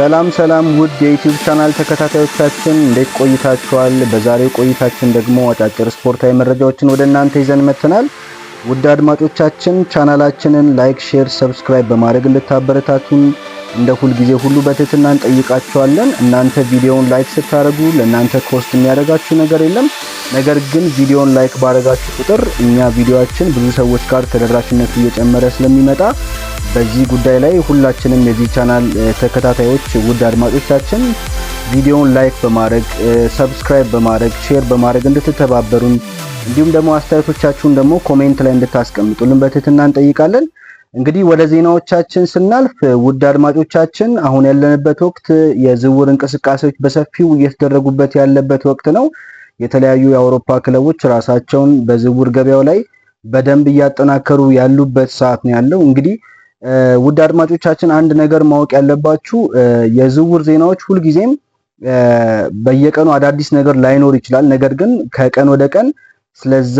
ሰላም ሰላም ውድ የዩቲዩብ ቻናል ተከታታዮቻችን እንዴት ቆይታችኋል? በዛሬው ቆይታችን ደግሞ አጫጭር ስፖርታዊ መረጃዎችን ወደ እናንተ ይዘን መጥተናል። ውድ አድማጮቻችን ቻናላችንን ላይክ፣ ሼር፣ ሰብስክራይብ በማድረግ እንድታበረታቱን እንደ ሁልጊዜ ሁሉ በትህትና እንጠይቃችኋለን። እናንተ ቪዲዮውን ላይክ ስታደርጉ ለእናንተ ኮስት የሚያደርጋችሁ ነገር የለም። ነገር ግን ቪዲዮውን ላይክ ባደረጋችሁ ቁጥር እኛ ቪዲዮችን ብዙ ሰዎች ጋር ተደራሽነቱ እየጨመረ ስለሚመጣ በዚህ ጉዳይ ላይ ሁላችንም የዚህ ቻናል ተከታታዮች ውድ አድማጮቻችን ቪዲዮውን ላይክ በማድረግ ሰብስክራይብ በማድረግ ሼር በማድረግ እንድትተባበሩን እንዲሁም ደግሞ አስተያየቶቻችሁን ደግሞ ኮሜንት ላይ እንድታስቀምጡልን በትህትና እንጠይቃለን። እንግዲህ ወደ ዜናዎቻችን ስናልፍ ውድ አድማጮቻችን አሁን ያለንበት ወቅት የዝውውር እንቅስቃሴዎች በሰፊው እየተደረጉበት ያለበት ወቅት ነው። የተለያዩ የአውሮፓ ክለቦች ራሳቸውን በዝውውር ገበያው ላይ በደንብ እያጠናከሩ ያሉበት ሰዓት ነው ያለው እንግዲህ ውድ አድማጮቻችን አንድ ነገር ማወቅ ያለባችሁ የዝውውር ዜናዎች ሁልጊዜም በየቀኑ አዳዲስ ነገር ላይኖር ይችላል። ነገር ግን ከቀን ወደ ቀን ስለዛ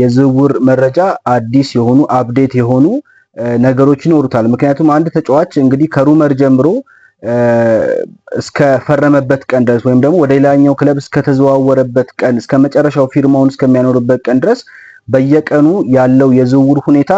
የዝውውር መረጃ አዲስ የሆኑ አፕዴት የሆኑ ነገሮች ይኖሩታል። ምክንያቱም አንድ ተጫዋች እንግዲህ ከሩመር ጀምሮ እስከፈረመበት ቀን ድረስ ወይም ደግሞ ወደ ሌላኛው ክለብ እስከተዘዋወረበት ቀን እስከ መጨረሻው ፊርማውን እስከሚያኖርበት ቀን ድረስ በየቀኑ ያለው የዝውውር ሁኔታ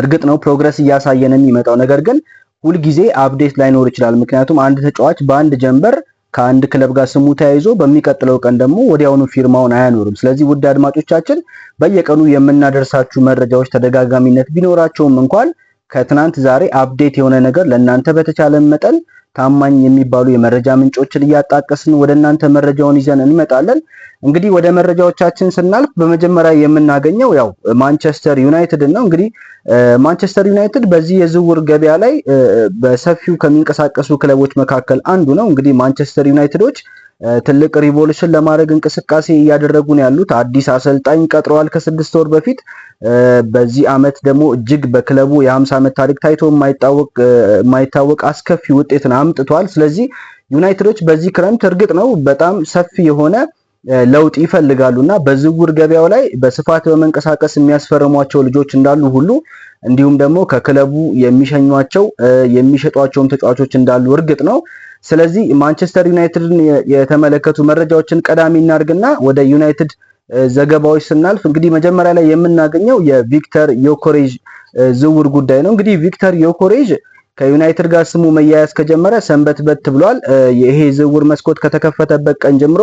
እርግጥ ነው ፕሮግረስ እያሳየ ነው የሚመጣው። ነገር ግን ሁልጊዜ አፕዴት ላይኖር ይችላል። ምክንያቱም አንድ ተጫዋች በአንድ ጀንበር ከአንድ ክለብ ጋር ስሙ ተያይዞ በሚቀጥለው ቀን ደግሞ ወዲያውኑ ፊርማውን አያኖርም። ስለዚህ ውድ አድማጮቻችን በየቀኑ የምናደርሳችሁ መረጃዎች ተደጋጋሚነት ቢኖራቸውም እንኳን ከትናንት ዛሬ አፕዴት የሆነ ነገር ለእናንተ በተቻለ መጠን ታማኝ የሚባሉ የመረጃ ምንጮችን እያጣቀስን ወደ እናንተ መረጃውን ይዘን እንመጣለን። እንግዲህ ወደ መረጃዎቻችን ስናልፍ በመጀመሪያ የምናገኘው ያው ማንቸስተር ዩናይትድን ነው። እንግዲህ ማንቸስተር ዩናይትድ በዚህ የዝውውር ገበያ ላይ በሰፊው ከሚንቀሳቀሱ ክለቦች መካከል አንዱ ነው። እንግዲህ ማንቸስተር ዩናይትዶች ትልቅ ሪቮሉሽን ለማድረግ እንቅስቃሴ እያደረጉ ነው ያሉት። አዲስ አሰልጣኝ ቀጥረዋል ከስድስት ወር በፊት። በዚህ አመት ደግሞ እጅግ በክለቡ የ50 ዓመት ታሪክ ታይቶ የማይታወቅ አስከፊ ውጤትን አምጥቷል። ስለዚህ ዩናይትዶች በዚህ ክረምት እርግጥ ነው በጣም ሰፊ የሆነ ለውጥ ይፈልጋሉና በዝውር በዝውውር ገበያው ላይ በስፋት በመንቀሳቀስ የሚያስፈርሟቸው ልጆች እንዳሉ ሁሉ እንዲሁም ደግሞ ከክለቡ የሚሸኟቸው የሚሸጧቸውም ተጫዋቾች እንዳሉ እርግጥ ነው። ስለዚህ ማንቸስተር ዩናይትድን የተመለከቱ መረጃዎችን ቀዳሚ እናድርግና ወደ ዩናይትድ ዘገባዎች ስናልፍ እንግዲህ መጀመሪያ ላይ የምናገኘው የቪክተር ዮኮሬዥ ዝውውር ጉዳይ ነው። እንግዲህ ቪክተር ዮኮሬዥ ከዩናይትድ ጋር ስሙ መያያዝ ከጀመረ ሰንበት በት ብሏል። ይሄ ዝውውር መስኮት ከተከፈተበት ቀን ጀምሮ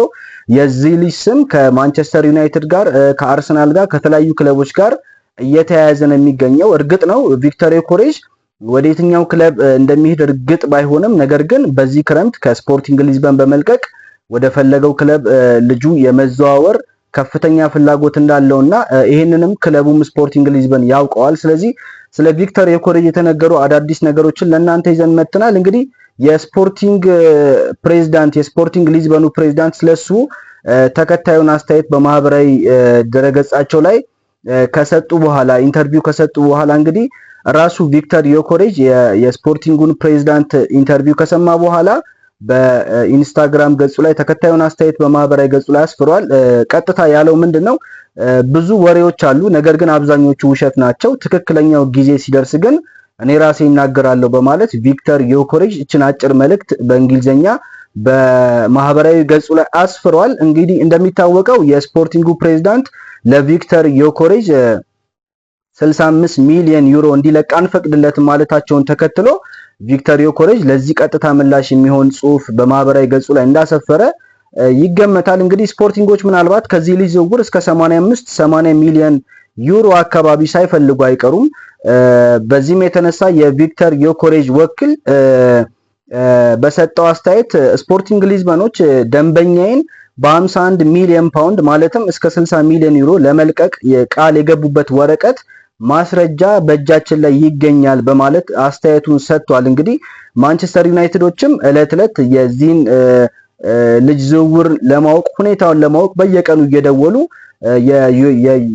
የዚህ ልጅ ስም ከማንቸስተር ዩናይትድ ጋር፣ ከአርሰናል ጋር፣ ከተለያዩ ክለቦች ጋር እየተያያዘ ነው የሚገኘው። እርግጥ ነው ቪክተር ኮሬጅ ወደ የትኛው ክለብ እንደሚሄድ እርግጥ ባይሆንም፣ ነገር ግን በዚህ ክረምት ከስፖርቲንግ ሊዝበን በመልቀቅ ወደ ፈለገው ክለብ ልጁ የመዘዋወር ከፍተኛ ፍላጎት እንዳለውና ይህንንም ክለቡም ስፖርቲንግ ሊዝበን ያውቀዋል። ስለዚህ ስለ ቪክተር የኮሬጅ የተነገሩ አዳዲስ ነገሮችን ለእናንተ ይዘን መጥተናል። እንግዲህ የስፖርቲንግ ፕሬዚዳንት የስፖርቲንግ ሊዝበኑ ፕሬዚዳንት ስለሱ ተከታዩን አስተያየት በማህበራዊ ድረገጻቸው ላይ ከሰጡ በኋላ ኢንተርቪው ከሰጡ በኋላ እንግዲህ ራሱ ቪክተር ዮኮሬጅ የስፖርቲንጉን ፕሬዚዳንት ኢንተርቪው ከሰማ በኋላ በኢንስታግራም ገጹ ላይ ተከታዩን አስተያየት በማህበራዊ ገጹ ላይ አስፍሯል። ቀጥታ ያለው ምንድን ነው? ብዙ ወሬዎች አሉ፣ ነገር ግን አብዛኞቹ ውሸት ናቸው። ትክክለኛው ጊዜ ሲደርስ ግን እኔ ራሴ ይናገራለሁ በማለት ቪክተር ዮኮሬጅ እችን አጭር መልእክት በእንግሊዝኛ በማህበራዊ ገጹ ላይ አስፍሯል። እንግዲህ እንደሚታወቀው የስፖርቲንጉ ፕሬዝዳንት ለቪክተር ዮኮሬጅ 65 ሚሊዮን ዩሮ እንዲለቅ አንፈቅድለትም ማለታቸውን ተከትሎ ቪክተር ዮኮሬጅ ለዚህ ቀጥታ ምላሽ የሚሆን ጽሁፍ በማህበራዊ ገጹ ላይ እንዳሰፈረ ይገመታል። እንግዲህ ስፖርቲንጎች ምናልባት ከዚህ ልጅ ዝውውር እስከ 85 80 ሚሊዮን ዩሮ አካባቢ ሳይፈልጉ አይቀሩም። በዚህም የተነሳ የቪክተር ዮኮሬጅ ወኪል በሰጠው አስተያየት ስፖርቲንግ ሊዝበኖች ደንበኛዬን በ51 ሚሊዮን ፓውንድ ማለትም እስከ 60 ሚሊዮን ዩሮ ለመልቀቅ ቃል የገቡበት ወረቀት ማስረጃ በእጃችን ላይ ይገኛል በማለት አስተያየቱን ሰጥቷል። እንግዲህ ማንቸስተር ዩናይትዶችም ዕለት ዕለት የዚህን ልጅ ዝውውር ለማወቅ ሁኔታውን ለማወቅ በየቀኑ እየደወሉ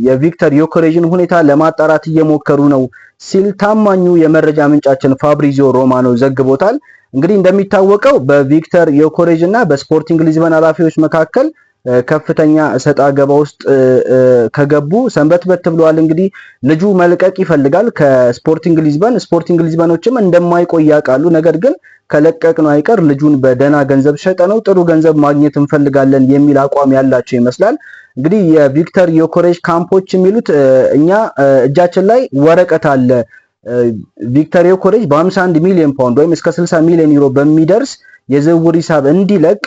የቪክተር ዮከሬጅን ሁኔታ ለማጣራት እየሞከሩ ነው ሲል ታማኙ የመረጃ ምንጫችን ፋብሪዚዮ ሮማኖ ዘግቦታል። እንግዲህ እንደሚታወቀው በቪክተር ዮከሬጅ እና በስፖርቲንግ ሊዝበን ኃላፊዎች መካከል ከፍተኛ እሰጣ ገባ ውስጥ ከገቡ ሰንበትበት ብለዋል። እንግዲህ ልጁ መልቀቅ ይፈልጋል ከስፖርቲንግ ሊዝበን። ስፖርቲንግ ሊዝበኖችም እንደማይቆይ ያውቃሉ። ነገር ግን ከለቀቅ ነው አይቀር ልጁን በደና ገንዘብ ሸጠ ነው ጥሩ ገንዘብ ማግኘት እንፈልጋለን የሚል አቋም ያላቸው ይመስላል። እንግዲህ የቪክተር ዮኮሬጅ ካምፖች የሚሉት እኛ እጃችን ላይ ወረቀት አለ ቪክተር ዮኮሬጅ በ51 ሚሊዮን ፓውንድ ወይም እስከ 60 ሚሊዮን ዩሮ በሚደርስ የዝውውር ሂሳብ እንዲለቅ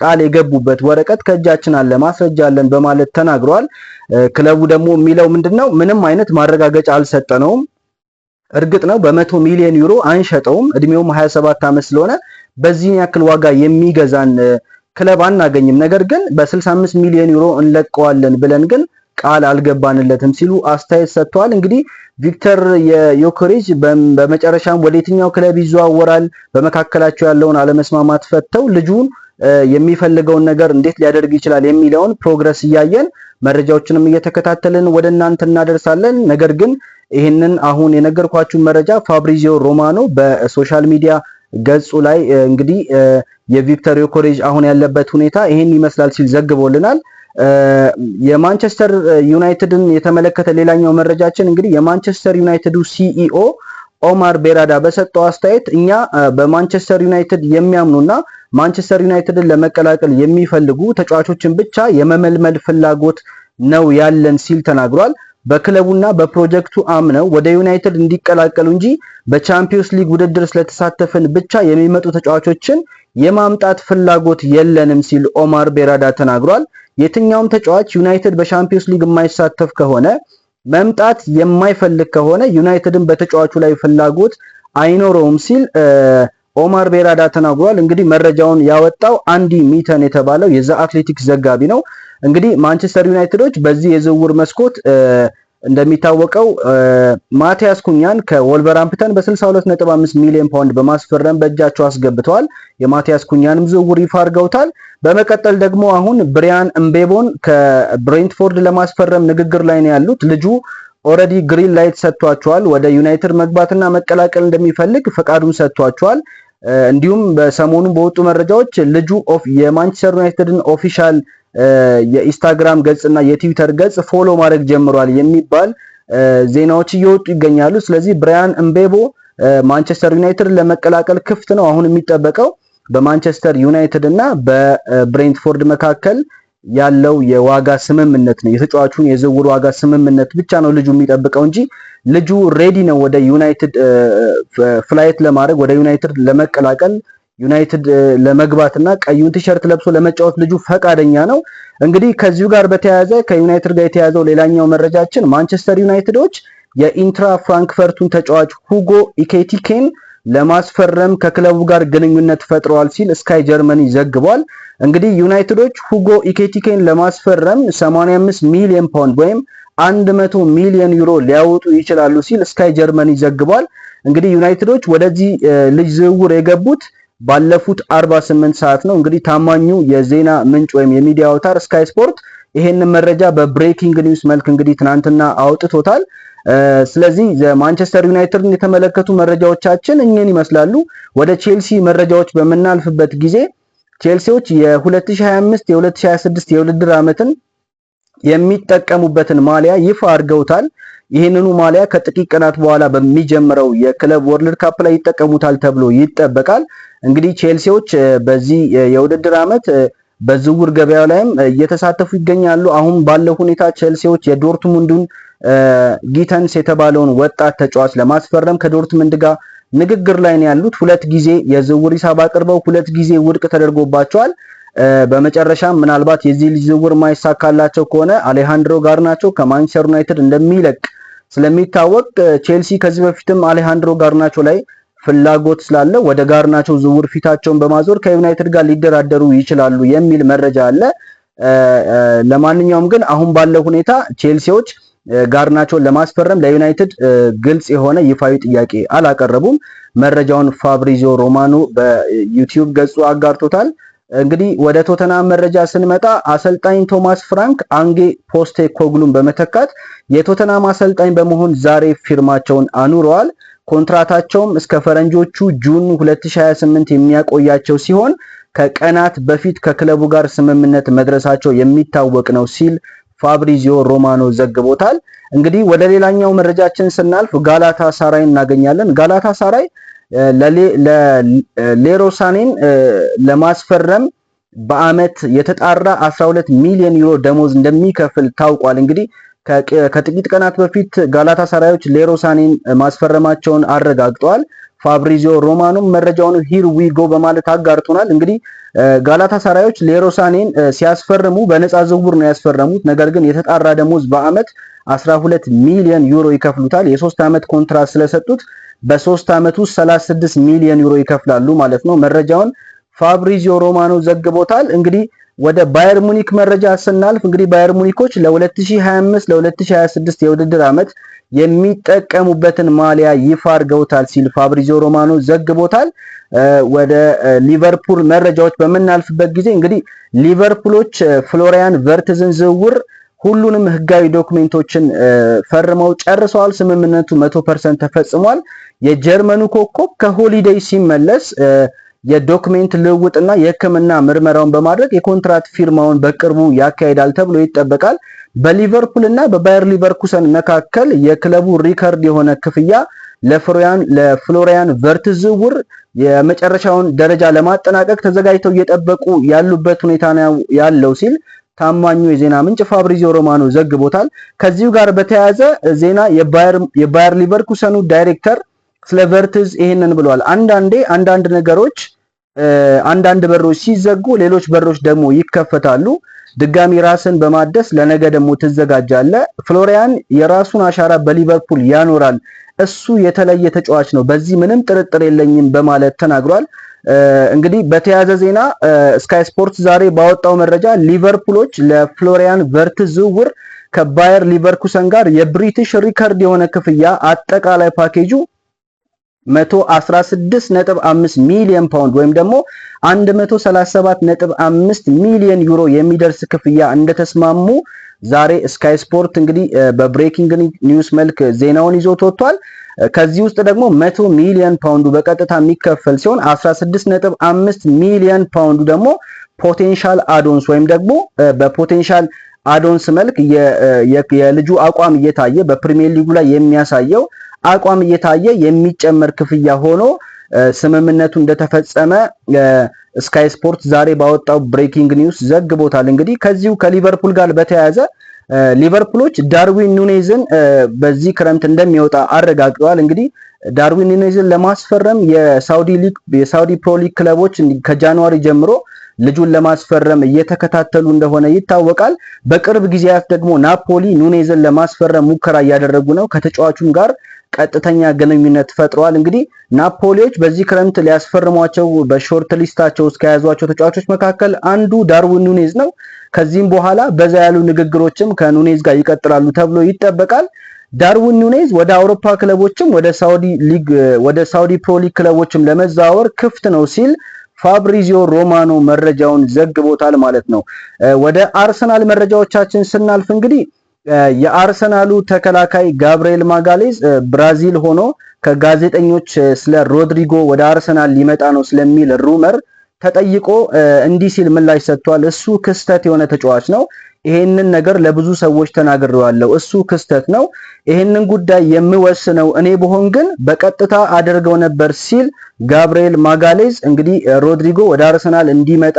ቃል የገቡበት ወረቀት ከእጃችን አለ፣ ማስረጃ አለን በማለት ተናግሯል። ክለቡ ደግሞ የሚለው ምንድነው ምንም አይነት ማረጋገጫ አልሰጠነውም። እርግጥ ነው በመቶ ሚሊዮን ዩሮ አንሸጠውም፣ እድሜውም 27 ዓመት ስለሆነ በዚህን ያክል ዋጋ የሚገዛን ክለብ አናገኝም። ነገር ግን በ65 ሚሊዮን ዩሮ እንለቀዋለን ብለን ግን ቃል አልገባንለትም ሲሉ አስተያየት ሰጥተዋል። እንግዲህ ቪክተር የዮኮሬጅ በመጨረሻም ወደ የትኛው ክለብ ይዘዋወራል? በመካከላቸው ያለውን አለመስማማት ፈተው ልጁን የሚፈልገውን ነገር እንዴት ሊያደርግ ይችላል የሚለውን ፕሮግረስ እያየን መረጃዎችንም እየተከታተልን ወደ እናንተ እናደርሳለን። ነገር ግን ይህንን አሁን የነገርኳችሁን መረጃ ፋብሪዚዮ ሮማኖ በሶሻል ሚዲያ ገጹ ላይ እንግዲህ የቪክተር ዮኮሬጅ አሁን ያለበት ሁኔታ ይህን ይመስላል ሲል ዘግቦልናል። የማንቸስተር ዩናይትድን የተመለከተ ሌላኛው መረጃችን እንግዲህ የማንቸስተር ዩናይትዱ ሲኢኦ ኦማር ቤራዳ በሰጠው አስተያየት እኛ በማንቸስተር ዩናይትድ የሚያምኑና ማንቸስተር ዩናይትድን ለመቀላቀል የሚፈልጉ ተጫዋቾችን ብቻ የመመልመል ፍላጎት ነው ያለን ሲል ተናግሯል። በክለቡና በፕሮጀክቱ አምነው ወደ ዩናይትድ እንዲቀላቀሉ እንጂ በቻምፒዮንስ ሊግ ውድድር ስለተሳተፍን ብቻ የሚመጡ ተጫዋቾችን የማምጣት ፍላጎት የለንም ሲል ኦማር ቤራዳ ተናግሯል። የትኛውም ተጫዋች ዩናይትድ በሻምፒዮንስ ሊግ የማይሳተፍ ከሆነ መምጣት የማይፈልግ ከሆነ ዩናይትድን በተጫዋቹ ላይ ፍላጎት አይኖረውም ሲል ኦማር ቤራዳ ተናግሯል። እንግዲህ መረጃውን ያወጣው አንዲ ሚተን የተባለው የዛ አትሌቲክስ ዘጋቢ ነው። እንግዲህ ማንቸስተር ዩናይትዶች በዚህ የዝውውር መስኮት እንደሚታወቀው ማቲያስ ኩኛን ከወልቨራምፕተን በ62.5 ሚሊዮን ፓውንድ በማስፈረም በእጃቸው አስገብተዋል። የማቲያስ ኩኛንም ዝውውር ይፋ አድርገውታል። በመቀጠል ደግሞ አሁን ብሪያን እምቤቦን ከብሬንትፎርድ ለማስፈረም ንግግር ላይ ነው ያሉት። ልጁ ኦልሬዲ ግሪን ላይት ሰጥቷቸዋል። ወደ ዩናይትድ መግባትና መቀላቀል እንደሚፈልግ ፈቃዱን ሰጥቷቸዋል። እንዲሁም በሰሞኑ በወጡ መረጃዎች ልጁ የማንቸስተር ዩናይትድን ኦፊሻል የኢንስታግራም ገጽ እና የትዊተር ገጽ ፎሎ ማድረግ ጀምሯል የሚባል ዜናዎች እየወጡ ይገኛሉ። ስለዚህ ብራያን እምቤቦ ማንቸስተር ዩናይትድ ለመቀላቀል ክፍት ነው። አሁን የሚጠበቀው በማንቸስተር ዩናይትድ እና በብሬንትፎርድ መካከል ያለው የዋጋ ስምምነት ነው። የተጫዋቹን የዝውውር ዋጋ ስምምነት ብቻ ነው ልጁ የሚጠብቀው እንጂ ልጁ ሬዲ ነው ወደ ዩናይትድ ፍላይት ለማድረግ ወደ ዩናይትድ ለመቀላቀል ዩናይትድ ለመግባትና ቀዩን ቲሸርት ለብሶ ለመጫወት ልጁ ፈቃደኛ ነው። እንግዲህ ከዚሁ ጋር በተያያዘ ከዩናይትድ ጋር የተያዘው ሌላኛው መረጃችን ማንቸስተር ዩናይትዶች የኢንትራ ፍራንክፈርቱን ተጫዋች ሁጎ ኢኬቲኬን ለማስፈረም ከክለቡ ጋር ግንኙነት ፈጥረዋል ሲል ስካይ ጀርመኒ ዘግቧል። እንግዲህ ዩናይትዶች ሁጎ ኢኬቲኬን ለማስፈረም 85 ሚሊዮን ፓውንድ ወይም 100 ሚሊዮን ዩሮ ሊያወጡ ይችላሉ ሲል ስካይ ጀርመኒ ዘግቧል። እንግዲህ ዩናይትዶች ወደዚህ ልጅ ዝውውር የገቡት ባለፉት 48 ሰዓት ነው። እንግዲህ ታማኙ የዜና ምንጭ ወይም የሚዲያ አውታር ስካይ ስፖርት ይሄንን መረጃ በብሬኪንግ ኒውስ መልክ እንግዲህ ትናንትና አውጥቶታል። ስለዚህ ማንቸስተር ዩናይትድን የተመለከቱ መረጃዎቻችን እኚህን ይመስላሉ። ወደ ቼልሲ መረጃዎች በምናልፍበት ጊዜ ቼልሲዎች የ2025 የ2026 የውድድር ዓመትን የሚጠቀሙበትን ማሊያ ይፋ አድርገውታል። ይህንኑ ማሊያ ከጥቂት ቀናት በኋላ በሚጀምረው የክለብ ወርልድ ካፕ ላይ ይጠቀሙታል ተብሎ ይጠበቃል። እንግዲህ ቼልሲዎች በዚህ የውድድር ዓመት በዝውውር ገበያው ላይም እየተሳተፉ ይገኛሉ። አሁን ባለው ሁኔታ ቼልሲዎች የዶርትሙንዱን ጊተንስ የተባለውን ወጣት ተጫዋች ለማስፈረም ከዶርትሙንድ ጋር ንግግር ላይ ነው ያሉት። ሁለት ጊዜ የዝውውር ሂሳብ አቅርበው ሁለት ጊዜ ውድቅ ተደርጎባቸዋል። በመጨረሻም ምናልባት የዚህ ልጅ ዝውውር ማይሳካላቸው ከሆነ አሌሃንድሮ ጋር ናቸው ከማንቸስተር ዩናይትድ እንደሚለቅ ስለሚታወቅ ቼልሲ ከዚህ በፊትም አሌሃንድሮ ጋርናቾ ላይ ፍላጎት ስላለ ወደ ጋርናቸው ዝውውር ፊታቸውን በማዞር ከዩናይትድ ጋር ሊደራደሩ ይችላሉ የሚል መረጃ አለ። ለማንኛውም ግን አሁን ባለው ሁኔታ ቼልሲዎች ጋርናቸውን ለማስፈረም ለዩናይትድ ግልጽ የሆነ ይፋዊ ጥያቄ አላቀረቡም። መረጃውን ፋብሪዚዮ ሮማኖ በዩቲዩብ ገጹ አጋርቶታል። እንግዲህ ወደ ቶተናም መረጃ ስንመጣ አሰልጣኝ ቶማስ ፍራንክ አንጌ ፖስቴ ኮግሉን በመተካት የቶተናም አሰልጣኝ በመሆን ዛሬ ፊርማቸውን አኑረዋል። ኮንትራታቸውም እስከ ፈረንጆቹ ጁን 2028 የሚያቆያቸው ሲሆን ከቀናት በፊት ከክለቡ ጋር ስምምነት መድረሳቸው የሚታወቅ ነው ሲል ፋብሪዚዮ ሮማኖ ዘግቦታል። እንግዲህ ወደ ሌላኛው መረጃችን ስናልፍ ጋላታ ሳራይ እናገኛለን። ጋላታ ሳራይ ለሌሮሳኔን ለማስፈረም በአመት የተጣራ 12 ሚሊዮን ዩሮ ደሞዝ እንደሚከፍል ታውቋል። እንግዲህ ከጥቂት ቀናት በፊት ጋላታ ሰራዮች ሌሮሳኔን ማስፈረማቸውን አረጋግጠዋል። ፋብሪዚዮ ሮማኖም መረጃውን ሂር ዊጎ በማለት አጋርቶናል። እንግዲህ ጋላታ ሰራዮች ሌሮሳኔን ሲያስፈርሙ በነፃ ዝውውር ነው ያስፈረሙት። ነገር ግን የተጣራ ደሞዝ በአመት 12 ሚሊዮን ዩሮ ይከፍሉታል። የሶስት ዓመት ኮንትራት ስለሰጡት በሶስት ዓመት ውስጥ 36 ሚሊዮን ዩሮ ይከፍላሉ ማለት ነው። መረጃውን ፋብሪዚዮ ሮማኖ ዘግቦታል። እንግዲህ ወደ ባየር ሙኒክ መረጃ ስናልፍ እንግዲህ ባየር ሙኒኮች ለ2025 ለ2026 የውድድር ዓመት የሚጠቀሙበትን ማሊያ ይፋ አድርገውታል ሲል ፋብሪዚዮ ሮማኖ ዘግቦታል። ወደ ሊቨርፑል መረጃዎች በምናልፍበት ጊዜ እንግዲህ ሊቨርፑሎች ፍሎሪያን ቨርትዝን ዝውውር ሁሉንም ህጋዊ ዶክሜንቶችን ፈርመው ጨርሰዋል። ስምምነቱ መቶ ፐርሰንት ተፈጽሟል። የጀርመኑ ኮከብ ከሆሊዴይ ሲመለስ የዶክሜንት ልውውጥና የሕክምና ምርመራውን በማድረግ የኮንትራት ፊርማውን በቅርቡ ያካሂዳል ተብሎ ይጠበቃል። በሊቨርፑል እና በባየር ሊቨርኩሰን መካከል የክለቡ ሪከርድ የሆነ ክፍያ ለፍሎሪያን ቨርትዝ ዝውውር የመጨረሻውን ደረጃ ለማጠናቀቅ ተዘጋጅተው እየጠበቁ ያሉበት ሁኔታ ነው ያለው ሲል ታማኙ የዜና ምንጭ ፋብሪዚዮ ሮማኖ ዘግቦታል። ከዚሁ ጋር በተያያዘ ዜና የባየር ሊቨርኩሰኑ ዳይሬክተር ስለ ቨርትዝ ይሄንን ብለዋል። አንዳንዴ አንዳንድ ነገሮች አንዳንድ በሮች ሲዘጉ ሌሎች በሮች ደግሞ ይከፈታሉ። ድጋሚ ራስን በማደስ ለነገ ደግሞ ትዘጋጃለ። ፍሎሪያን የራሱን አሻራ በሊቨርፑል ያኖራል። እሱ የተለየ ተጫዋች ነው፣ በዚህ ምንም ጥርጥር የለኝም በማለት ተናግሯል። እንግዲህ በተያያዘ ዜና ስካይ ስፖርት ዛሬ ባወጣው መረጃ ሊቨርፑሎች ለፍሎሪያን ቨርትዝ ዝውውር ከባየር ሊቨርኩሰን ጋር የብሪቲሽ ሪከርድ የሆነ ክፍያ አጠቃላይ ፓኬጁ 116.5 ሚሊዮን ፓውንድ ወይም ደግሞ 137.5 ሚሊዮን ዩሮ የሚደርስ ክፍያ እንደተስማሙ ዛሬ ስካይ ስፖርት እንግዲህ በብሬኪንግ ኒውስ መልክ ዜናውን ይዞ ተወጥቷል። ከዚህ ውስጥ ደግሞ 100 ሚሊዮን ፓውንዱ በቀጥታ የሚከፈል ሲሆን 16.5 ሚሊዮን ፓውንዱ ደግሞ ፖቴንሻል አዶንስ ወይም ደግሞ በፖቴንሻል አዶንስ መልክ የልጁ አቋም እየታየ በፕሪሚየር ሊጉ ላይ የሚያሳየው አቋም እየታየ የሚጨመር ክፍያ ሆኖ ስምምነቱ እንደተፈጸመ ስካይ ስፖርት ዛሬ ባወጣው ብሬኪንግ ኒውስ ዘግቦታል። እንግዲህ ከዚሁ ከሊቨርፑል ጋር በተያያዘ ሊቨርፑሎች ዳርዊን ኑኔዝን በዚህ ክረምት እንደሚወጣ አረጋግጠዋል። እንግዲህ ዳርዊን ኑኔዝን ለማስፈረም የሳውዲ ሊግ የሳውዲ ፕሮ ሊግ ክለቦች ከጃንዋሪ ጀምሮ ልጁን ለማስፈረም እየተከታተሉ እንደሆነ ይታወቃል። በቅርብ ጊዜያት ደግሞ ናፖሊ ኑኔዝን ለማስፈረም ሙከራ እያደረጉ ነው። ከተጫዋቹም ጋር ቀጥተኛ ግንኙነት ፈጥረዋል። እንግዲህ ናፖሊዎች በዚህ ክረምት ሊያስፈርሟቸው በሾርት ሊስታቸው ውስጥ ከያዟቸው ተጫዋቾች መካከል አንዱ ዳርዊን ኑኔዝ ነው። ከዚህም በኋላ በዛ ያሉ ንግግሮችም ከኑኔዝ ጋር ይቀጥላሉ ተብሎ ይጠበቃል። ዳርዊን ኑኔዝ ወደ አውሮፓ ክለቦችም ወደ ሳውዲ ሊግ ወደ ሳውዲ ፕሮ ሊግ ክለቦችም ለመዘዋወር ክፍት ነው ሲል ፋብሪዚዮ ሮማኖ መረጃውን ዘግቦታል ማለት ነው። ወደ አርሰናል መረጃዎቻችን ስናልፍ እንግዲህ የአርሰናሉ ተከላካይ ጋብርኤል ማጋሌዝ ብራዚል ሆኖ ከጋዜጠኞች ስለ ሮድሪጎ ወደ አርሰናል ሊመጣ ነው ስለሚል ሩመር ተጠይቆ እንዲህ ሲል ምላሽ ሰጥቷል። እሱ ክስተት የሆነ ተጫዋች ነው ይሄንን ነገር ለብዙ ሰዎች ተናግሬዋለሁ። እሱ ክስተት ነው። ይሄንን ጉዳይ የምወስነው እኔ ብሆን ግን በቀጥታ አድርገው ነበር ሲል ጋብርኤል ማጋሌዝ እንግዲህ ሮድሪጎ ወደ አርሰናል እንዲመጣ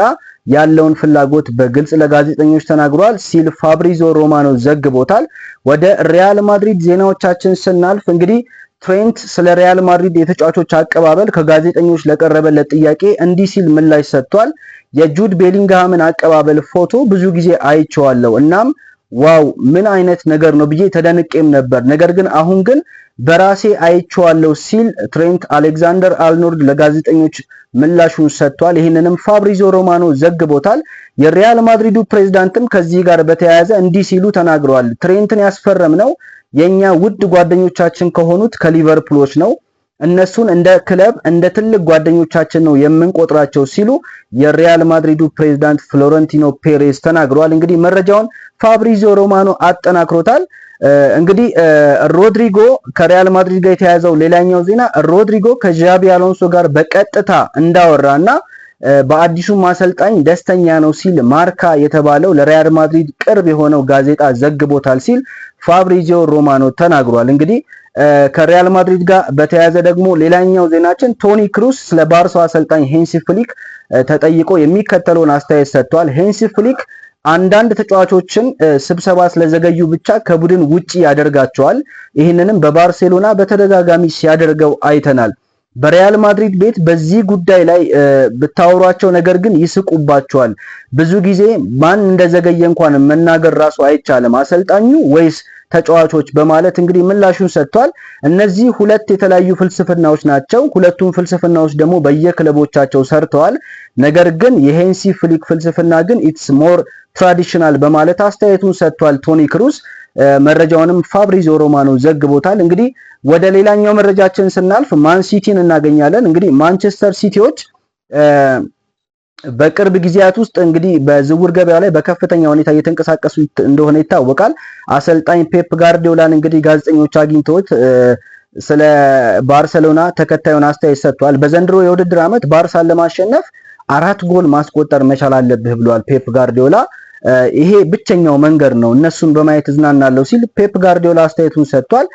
ያለውን ፍላጎት በግልጽ ለጋዜጠኞች ተናግሯል ሲል ፋብሪዞ ሮማኖ ዘግቦታል። ወደ ሪያል ማድሪድ ዜናዎቻችን ስናልፍ እንግዲህ ትሬንት ስለ ሪያል ማድሪድ የተጫዋቾች አቀባበል ከጋዜጠኞች ለቀረበለት ጥያቄ እንዲህ ሲል ምላሽ ሰጥቷል። የጁድ ቤሊንግሃምን አቀባበል ፎቶ ብዙ ጊዜ አይቼዋለሁ። እናም ዋው ምን አይነት ነገር ነው ብዬ ተደንቄም ነበር። ነገር ግን አሁን ግን በራሴ አይቼዋለሁ ሲል ትሬንት አሌክዛንደር አልኖርድ ለጋዜጠኞች ምላሹን ሰጥቷል። ይህንንም ፋብሪዞ ሮማኖ ዘግቦታል። የሪያል ማድሪዱ ፕሬዝዳንትም ከዚህ ጋር በተያያዘ እንዲህ ሲሉ ተናግረዋል። ትሬንትን ያስፈረም ነው የኛ ውድ ጓደኞቻችን ከሆኑት ከሊቨርፑሎች ነው እነሱን እንደ ክለብ እንደ ትልቅ ጓደኞቻችን ነው የምንቆጥራቸው ሲሉ የሪያል ማድሪዱ ፕሬዝዳንት ፍሎረንቲኖ ፔሬዝ ተናግረዋል። እንግዲህ መረጃውን ፋብሪዚዮ ሮማኖ አጠናክሮታል። እንግዲህ ሮድሪጎ ከሪያል ማድሪድ ጋር የተያዘው ሌላኛው ዜና ሮድሪጎ ከዣቢ አሎንሶ ጋር በቀጥታ እንዳወራ እና በአዲሱ ማሰልጣኝ ደስተኛ ነው ሲል ማርካ የተባለው ለሪያል ማድሪድ ቅርብ የሆነው ጋዜጣ ዘግቦታል ሲል ፋብሪዚዮ ሮማኖ ተናግሯል። እንግዲህ ከሪያል ማድሪድ ጋር በተያያዘ ደግሞ ሌላኛው ዜናችን ቶኒ ክሩስ ስለ ባርሳው አሰልጣኝ ሄንሲ ፍሊክ ተጠይቆ የሚከተለውን አስተያየት ሰጥቷል። ሄንሲ ፍሊክ አንዳንድ ተጫዋቾችን ስብሰባ ስለዘገዩ ብቻ ከቡድን ውጪ ያደርጋቸዋል። ይህንንም በባርሴሎና በተደጋጋሚ ሲያደርገው አይተናል። በሪያል ማድሪድ ቤት በዚህ ጉዳይ ላይ ብታወሯቸው ነገር ግን ይስቁባቸዋል። ብዙ ጊዜ ማን እንደዘገየ እንኳን መናገር ራሱ አይቻልም። አሰልጣኙ ወይስ ተጫዋቾች በማለት እንግዲህ ምላሹን ሰጥቷል። እነዚህ ሁለት የተለያዩ ፍልስፍናዎች ናቸው። ሁለቱም ፍልስፍናዎች ደግሞ በየክለቦቻቸው ሰርተዋል። ነገር ግን የሄንሲ ፍሊክ ፍልስፍና ግን ኢትስ ሞር ትራዲሽናል በማለት አስተያየቱን ሰጥቷል ቶኒ ክሩስ። መረጃውንም ፋብሪዞ ሮማኖ ዘግቦታል። እንግዲህ ወደ ሌላኛው መረጃችን ስናልፍ ማን ሲቲን እናገኛለን። እንግዲህ ማንቸስተር ሲቲዎች በቅርብ ጊዜያት ውስጥ እንግዲህ በዝውውር ገበያው ላይ በከፍተኛ ሁኔታ እየተንቀሳቀሱ እንደሆነ ይታወቃል። አሰልጣኝ ፔፕ ጋርዲዮላን እንግዲህ ጋዜጠኞች አግኝተውት ስለ ባርሰሎና ተከታዩን አስተያየት ሰጥቷል። በዘንድሮ የውድድር ዓመት ባርሳን ለማሸነፍ አራት ጎል ማስቆጠር መቻል አለብህ ብሏል ፔፕ ጋርዲዮላ። ይሄ ብቸኛው መንገድ ነው፣ እነሱን በማየት እዝናናለሁ ሲል ፔፕ ጋርዲዮላ አስተያየቱን ሰጥቷል።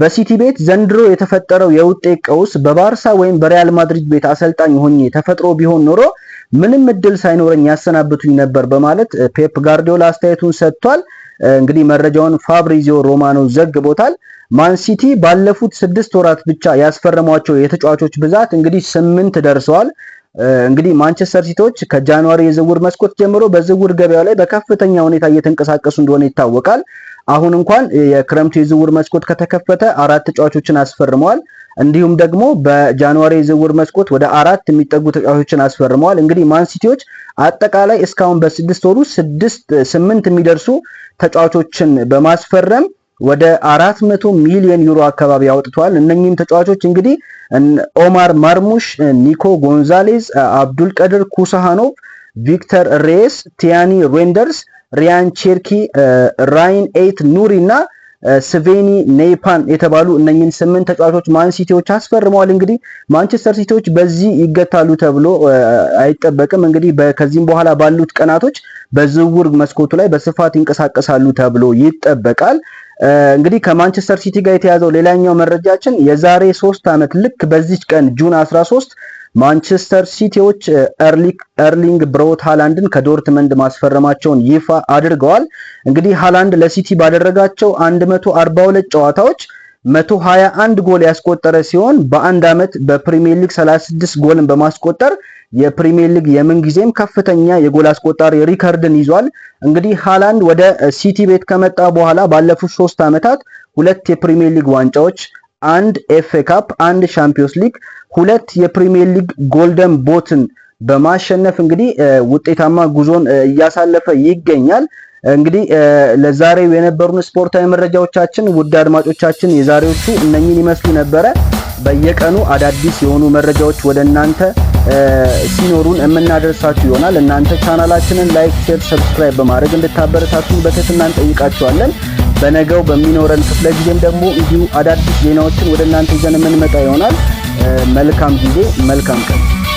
በሲቲ ቤት ዘንድሮ የተፈጠረው የውጤት ቀውስ በባርሳ ወይም በሪያል ማድሪድ ቤት አሰልጣኝ ሆኜ ተፈጥሮ ቢሆን ኖሮ ምንም እድል ሳይኖረኝ ያሰናብቱኝ ነበር በማለት ፔፕ ጋርዲዮላ አስተያየቱን ሰጥቷል። እንግዲህ መረጃውን ፋብሪዚዮ ሮማኖ ዘግቦታል። ማንሲቲ ባለፉት ስድስት ወራት ብቻ ያስፈረሟቸው የተጫዋቾች ብዛት እንግዲህ ስምንት ደርሰዋል። እንግዲህ ማንቸስተር ሲቲዎች ከጃንዋሪ የዝውውር መስኮት ጀምሮ በዝውውር ገበያው ላይ በከፍተኛ ሁኔታ እየተንቀሳቀሱ እንደሆነ ይታወቃል። አሁን እንኳን የክረምቱ የዝውውር መስኮት ከተከፈተ አራት ተጫዋቾችን አስፈርመዋል። እንዲሁም ደግሞ በጃንዋሪ የዝውውር መስኮት ወደ አራት የሚጠጉ ተጫዋቾችን አስፈርመዋል። እንግዲህ ማንሲቲዎች አጠቃላይ እስካሁን በስድስት ወሩ ስድስት ስምንት የሚደርሱ ተጫዋቾችን በማስፈረም ወደ አራት መቶ ሚሊዮን ዩሮ አካባቢ አውጥቷል። እነኚህም ተጫዋቾች እንግዲህ ኦማር ማርሙሽ፣ ኒኮ ጎንዛሌዝ፣ አብዱል ቀድር ኩሳሃኖቭ፣ ቪክተር ሬስ፣ ቲያኒ ሬንደርስ ሪያን ቼርኪ፣ ራይን ኤት ኑሪ እና ስቬኒ ኔፓን የተባሉ እነኝን ስምንት ተጫዋቾች ማን ሲቲዎች አስፈርመዋል። እንግዲህ ማንቸስተር ሲቲዎች በዚህ ይገታሉ ተብሎ አይጠበቅም። እንግዲህ ከዚህም በኋላ ባሉት ቀናቶች በዝውውር መስኮቱ ላይ በስፋት ይንቀሳቀሳሉ ተብሎ ይጠበቃል። እንግዲህ ከማንቸስተር ሲቲ ጋር የተያዘው ሌላኛው መረጃችን የዛሬ ሶስት ዓመት ልክ በዚች ቀን ጁን 13 ማንቸስተር ሲቲዎች ኤርሊንግ ብሮት ሃላንድን ከዶርትመንድ ማስፈረማቸውን ይፋ አድርገዋል። እንግዲህ ሃላንድ ለሲቲ ባደረጋቸው 142 ጨዋታዎች 121 ጎል ያስቆጠረ ሲሆን በአንድ ዓመት በፕሪሚየር ሊግ 36 ጎልን በማስቆጠር የፕሪሚየር ሊግ የምንጊዜም ከፍተኛ የጎል አስቆጣሪ ሪከርድን ይዟል። እንግዲህ ሃላንድ ወደ ሲቲ ቤት ከመጣ በኋላ ባለፉት ሶስት ዓመታት ሁለት የፕሪሚየር ሊግ ዋንጫዎች አንድ ኤፍ ኤ ካፕ፣ አንድ ሻምፒዮንስ ሊግ፣ ሁለት የፕሪሚየር ሊግ ጎልደን ቦትን በማሸነፍ እንግዲህ ውጤታማ ጉዞን እያሳለፈ ይገኛል። እንግዲህ ለዛሬው የነበሩን ስፖርታዊ መረጃዎቻችን ውድ አድማጮቻችን የዛሬዎቹ እነኚህን ይመስሉ ነበረ። በየቀኑ አዳዲስ የሆኑ መረጃዎች ወደ እናንተ ሲኖሩን የምናደርሳችሁ ይሆናል። እናንተ ቻናላችንን ላይክ፣ ሼር፣ ሰብስክራይብ በማድረግ እንድታበረታቱን በትህትና እንጠይቃችኋለን። በነገው በሚኖረን ክፍለ ጊዜም ደግሞ እንዲሁ አዳዲስ ዜናዎችን ወደ እናንተ ይዘን የምንመጣ ይሆናል። መልካም ጊዜ፣ መልካም ቀን